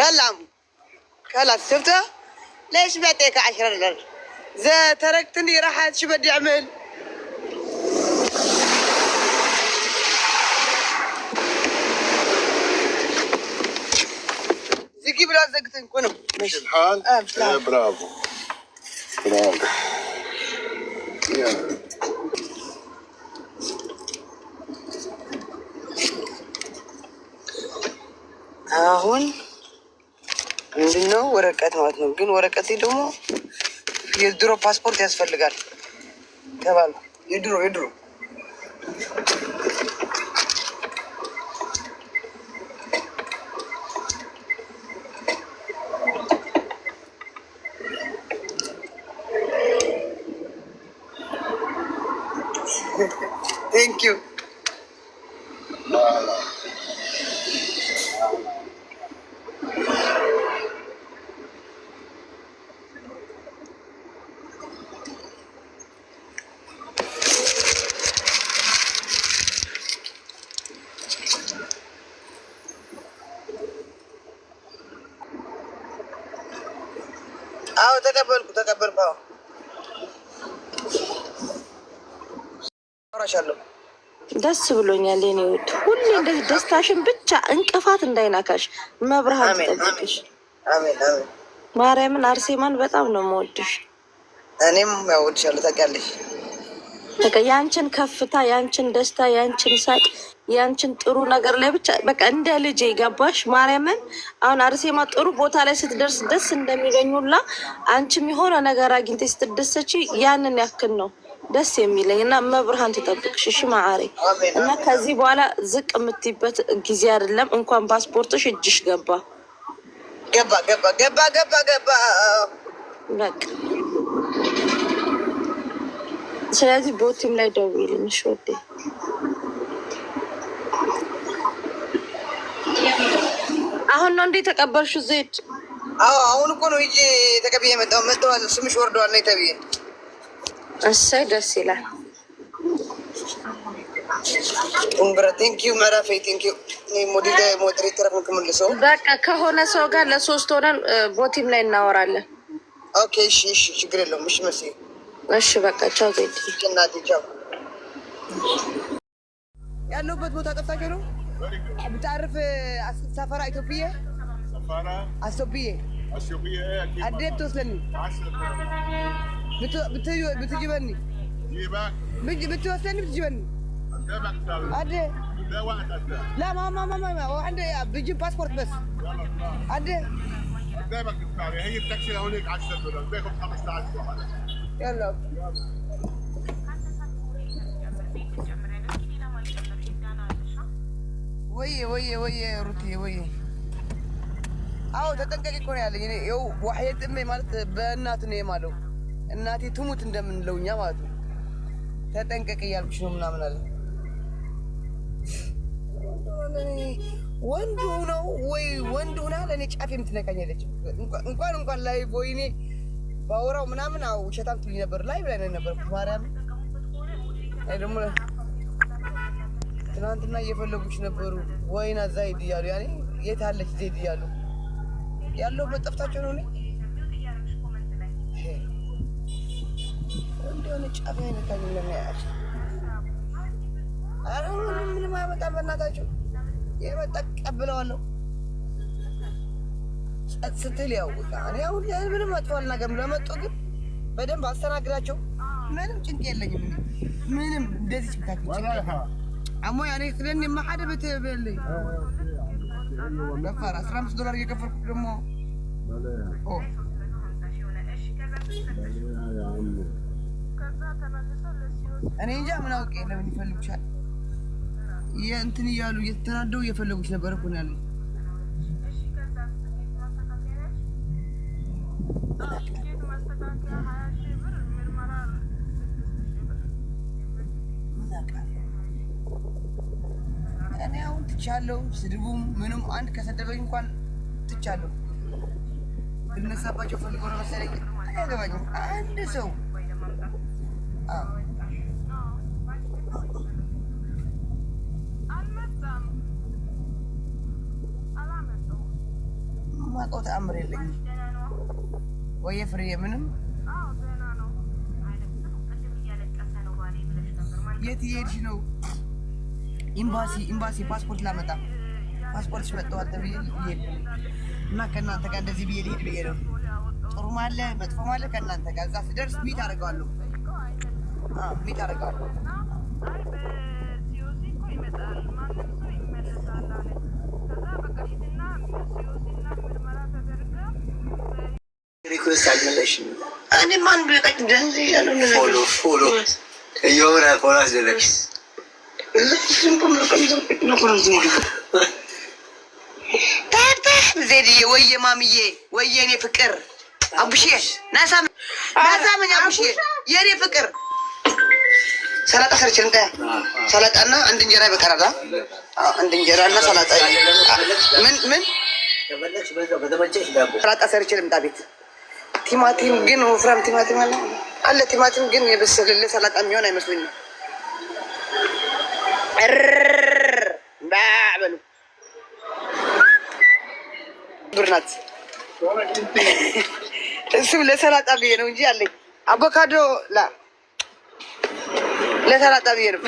يلا عمو خلاص شفته ليش بعطيك عشرة دولار زي تركتني راح شو بدي أعمل زكي بلا زقتن مش الحال آه آه برافو برافو يلا آه، هون ምንድን ነው ወረቀት ማለት ነው። ግን ወረቀት ደግሞ የድሮ ፓስፖርት ያስፈልጋል ተባሉ። የድሮ የድሮ ተቀበልኩ ተቀበልኩ። አወራሻለሁ። ደስ ብሎኛል የኔ ውድ፣ ሁሌ እንደዚህ ደስታሽን ብቻ እንቅፋት እንዳይናካሽ መብርሃን ጠብቅሽ። ማርያምን አርሴማን በጣም ነው የምወድሽ። እኔም ያወድሻለሁ ታውቂያለሽ። በቃ ያንቺን ከፍታ፣ ያንቺን ደስታ፣ ያንቺን ሳቅ ያንቺን ጥሩ ነገር ላይ ብቻ በቃ እንደ ልጅ ገባሽ? ማርያምን አሁን አርሴማ ጥሩ ቦታ ላይ ስትደርስ ደስ እንደሚገኙላ አንቺም የሆነ ነገር አግኝተ ስትደሰች ያንን ያክል ነው ደስ የሚለኝ እና መብርሃን ትጠብቅሽ። እሺ ማዓሪ እና ከዚህ በኋላ ዝቅ የምትይበት ጊዜ አይደለም። እንኳን ፓስፖርትሽ እጅሽ ገባ ገባ ገባ ገባ ገባ ገባ በቃ ስለዚህ ቦቲም ላይ ደውይልኝ ወዴ አሁን ነው እንዴ ተቀበልሽ? ዜድ አሁን እኮ ነው እጄ ተቀብዬ መጣሁ። መጥተዋል፣ ስምሽ ወርደዋል ነው ተብዬ። እሰይ ደስ ይላል። ኡምብራ ቴንክ ዩ መራፌ ቴንክ ዩ ሞዴሬተር ምክምልሰው በቃ ከሆነ ሰው ጋር ለሶስት ሆነን ቦቲም ላይ እናወራለን። ኦኬ እሺ፣ እሺ፣ ችግር የለውም። እሺ መስ እሺ፣ በቃ ቻው ዜድ፣ እናቴ ቻው። ያለሁበት ቦታ ጠፍታችሁ ነው بتعرف آه، سفاره اثيوبيه؟ سفاره اثيوبيه اثيوبيه ايه اكيد قد إيه بتوصلني؟ 10 دقايق بتجيبني جيبك؟ بتوصلني بتجيبني قدامك قد ايه؟ ده وقت قد ايه؟ لا ما ما ما ما هو عندي آه، بيجيب باسبورت بس قد ايه؟ قدامك تدفع هي التاكسي لهونيك 10 دولار بياخد 15 وحدك يلا يلا ወይ ወይ ወይ ሩቲ ወይ አዎ ተጠንቀቂ እኮ ነው ያለኝ። እኔ ይኸው ዋህዬ ጥሜ ማለት በእናት ነው የማለው እናቴ ትሙት እንደምንለው እኛ ማለት ነው። ተጠንቀቂ እያልኩሽ ነው ምናምን አለ። ወንዱ ነው ወይ ወንዱ ሆና ለእኔ ጫፍ የምትነካኝ የለችም። እንኳን እንኳን ላይ ወይኔ ባወራው ምናምን አው ውሸታም ትልኝ ነበር ላይ ብላ ነው ማርያም ደግሞ ትናንትና እየፈለጉች ነበሩ። ወይና ዘይድ እያሉ ያኔ የት አለች ዘይድ እያሉ ያለው መጠፍታቸው ነው። እንደሆነ ጫፍ አይነካኝ ለሚያያች አረ ምንም አያመጣም። በእናታቸው የመጣ ነው ጸጥ ስትል ያው እኔ አሁን ምንም መጥፎ አልናገርም። ለመጡ ግን በደንብ አስተናግዳቸው። ምንም ጭንቅ የለኝም። ምንም እንደዚህ ጭንቃ عمو يعني خليني ما حدا بتقبل لي آه، آه، أيوة. نفر 15 دولار يكفر دمه بلاها اوه بلاها يا عمي እኔ እንጃ ምን አውቄ ለምን ይፈልጉሻል? የእንትን እያሉ እየተናደው እየፈለጉሽ ነበር እኮ ትቻለሁ። ስድቡም ምንም አንድ ከሰደበኝ እንኳን ትቻለሁ። ልነሳባቸው ፈልጎ ነው መሰለኝ። አያገባኝም። አንድ ሰው ማውቀው ተአምር የለኝ ወየ ፍሬ ምንም የት እየሄድሽ ነው? ኢምባሲ ኢምባሲ ፓስፖርት ላመጣ ፓስፖርት መጥተዋል ተብዬ ልሄድ እና ከእናንተ ጋር እንደዚህ ብዬ ልሄድ ብዬ ነው። ጥሩ ማለ መጥፎ ማለ ከእናንተ ጋር እዛ ስደርስ ሚት አደርገዋለሁ ሚት አደርገዋለሁ። ሪኩዌስት አለሽ እኔ ማንዱ የቀጭ ደንዝ ነው ፎሎ ፎሎ እየሆነ ፎሎ አስደረግሽ ዜድዬ ወየ ማምዬ ወየ እኔ ፍቅር አቡሼ ናሳመኝ አቡሼ የእኔ ፍቅር ሰላጣ ሰርች እንጠ ሰላጣና አንድ እንጀራ ይበቀራል። አንድ እንጀራ እና ሰላጣ ምን ምን ሰላጣ ሰርች ልምጣ ቤት ቲማቲም ግን ወፍራም ቲማቲም አለ አለ ቲማቲም ግን የበሰለ ሰላጣ የሚሆን አይመስለኝም። በሉ ብር እሱም ለሰላጣ ብዬ ነው እንጂ አለኝ አቮካዶ ላ ለሰላጣ ብዬ ነው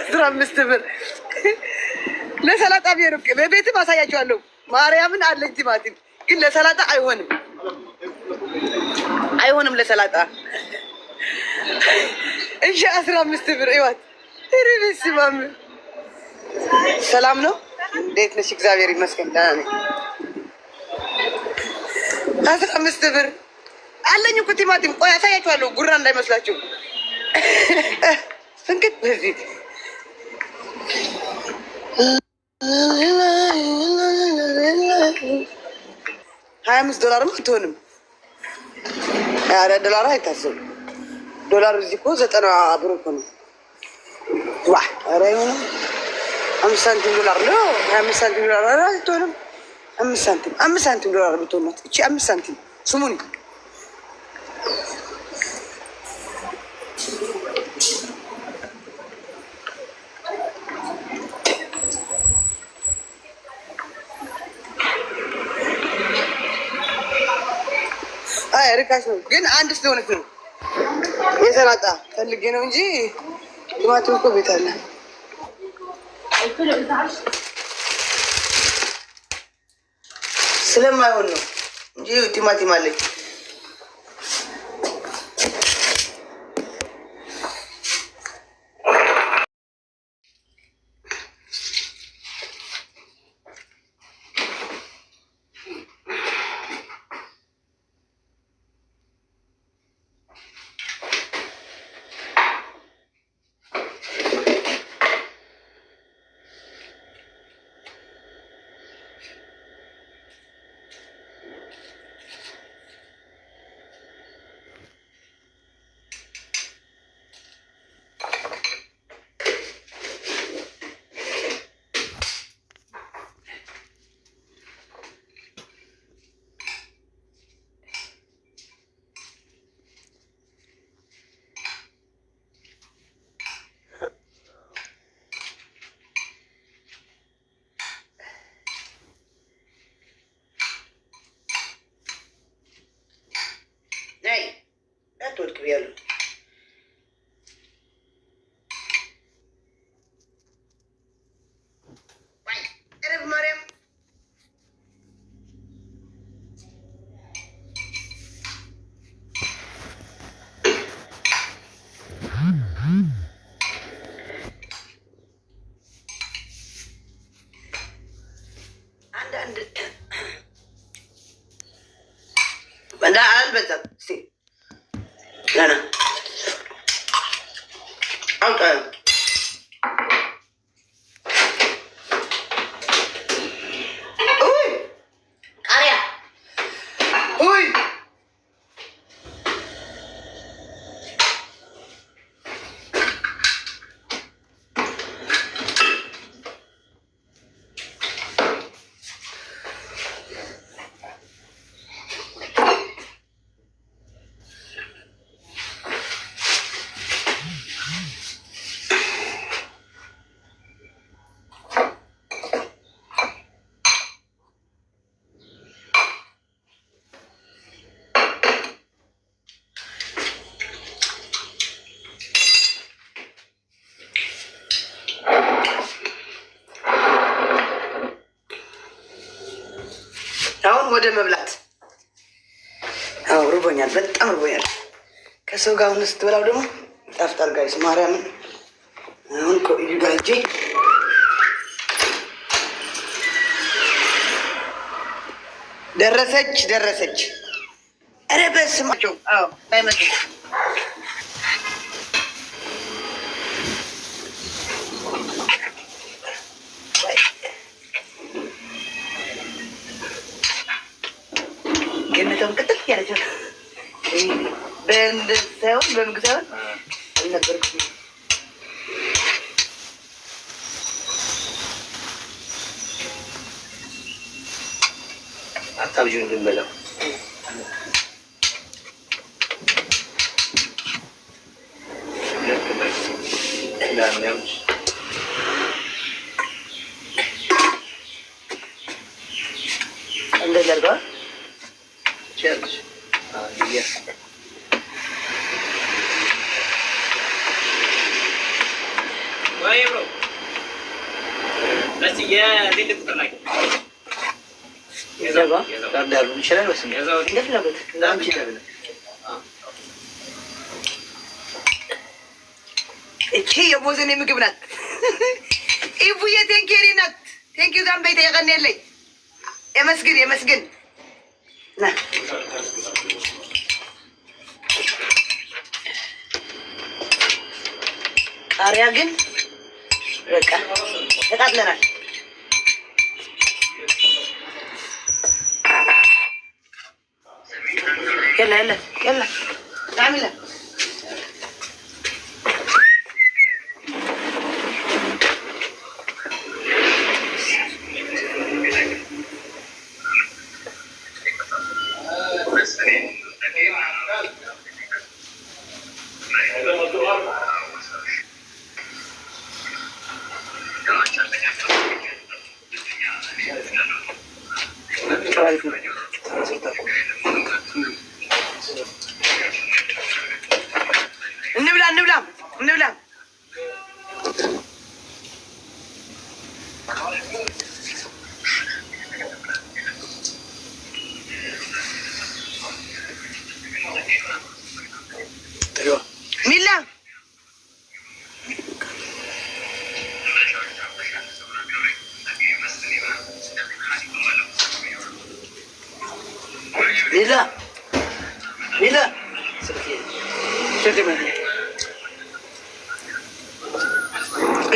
አስራ አምስት ብር ለሰላጣ ብዬ ነው። በቤትም አሳያቸዋለሁ። ማርያምን አለኝ ቲማቲም ግን ለሰላጣ አይሆንም፣ አይሆንም ለሰላጣ እሺ አስራ አምስት ብር ይዋት ሰላም ነው? እንዴት ነሽ? እግዚአብሔር ይመስገን ደህና ነኝ። አስራ አምስት ብር አለኝ እኮ ቲማቲም። ቆይ አሳያችኋለሁ፣ ጉራ እንዳይመስላችሁ። ፍንክት በዚህ ሀያ አምስት ዶላርም አትሆንም። ዶላር አይታሰብም። ዶላር እዚህ እኮ ዘጠና ብር እኮ ነው። ዋ ኧረ ይሁን አምስት ሳንቲም ዶላር ነው። አምስት ሳንቲም ዶላር ኧረ አትሆንም። አምስት ሳንቲም አምስት ሳንቲም ዶላር ብትሆን እቺ አምስት ሳንቲም ስሙን ርካሽ ነው ግን አንድ ስለሆነች ነው የሰላጣ ፈልጌ ነው እንጂ ቲማቲም እኮ ቤት አለ። ስለማይሆን ነው እንጂ ቲማቲም አለች። ነው ያሉት። አንዳንድ አልበዛም ወደ መብላት። አዎ ርቦኛል፣ በጣም ርቦኛል። ከሰው ጋር አሁን ስትበላው ደግሞ ይጣፍጣል። ጋይስ ማርያምን አሁን ከኢዩ ጋር እጄ ደረሰች ደረሰች። ኧረ በስማቸው አዎ ያለችው ሳይሆን በምግብ ሳይሆን አልነበርኩም። አታብዥ እንድንበላው ምናምን ላሉን ይችላል። እንደፍላጎት እቺ የቦዘኔ ምግብ ናት። ኢቡዬ ቴንኪዩ የእኔ ናት። ቴንኪዩ ዛምቤ የቀን የለኝ የመስግን የመስግን ቃሪያ ግን በቃ ተቃጥለናል። يلا يلا يلا اعملها ብላ እንብላ እንብላ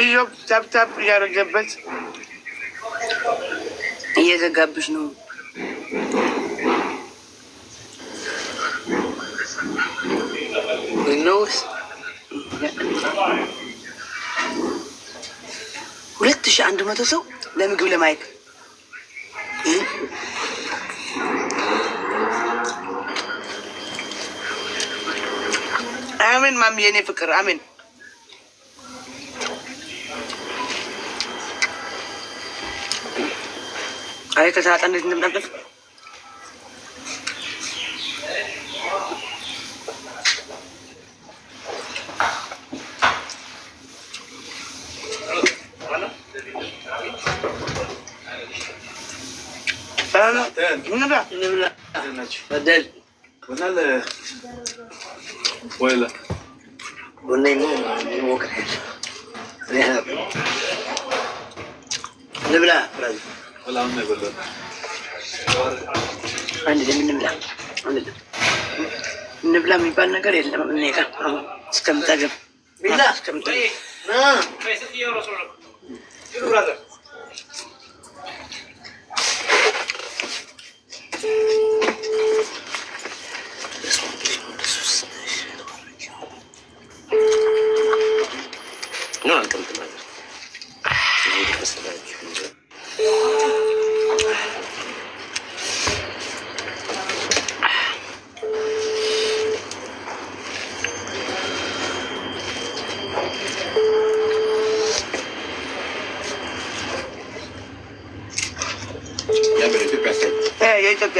ኢዮብ ታፕታፕ እያደረገበት እየዘጋብሽ ነው። ሁለት ሺህ አንድ መቶ ሰው ለምግብ ለማየት አሜን። ማሚ የኔ ፍቅር አሜን። አይተሳጠ እንዴት እንደምጠብቅ ንብላ እንብላ የሚባል ነገር የለም። እኔ ጋር አሁን እስከምጠግብ እስከምጠግብ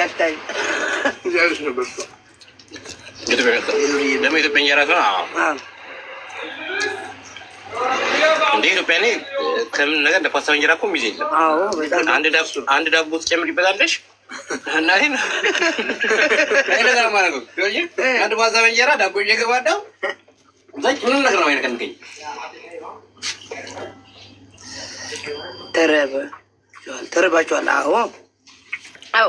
ያልታይ ያልሽ ነበር ኢትዮጵያ ራሷ እንደ እንደ ፓስታ እንጀራ እኮ ሚዜ የለም። ዳቦ ትጨምሪበታለሽ እና ነገር እንጀራ ዳቦ እየገባዳው ነው አይነቀንቀኝ ተረበ ተረባችኋል። አዎ አዎ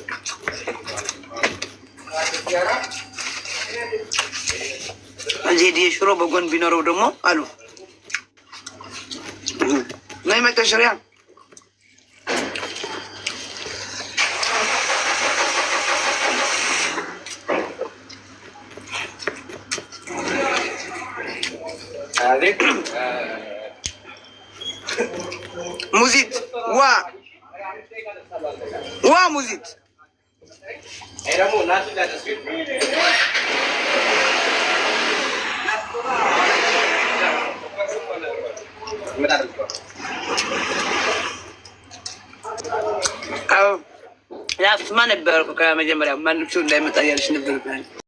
ቴዲ ሽሮ በጎን ቢኖረው ደግሞ አሉ ናይ መቀሸሪያ ሙዚት ዋ ዋ ሙዚት ያስማ ነበር ከመጀመሪያ ማንም ሰው እንዳይመጣ እያለች ነበር።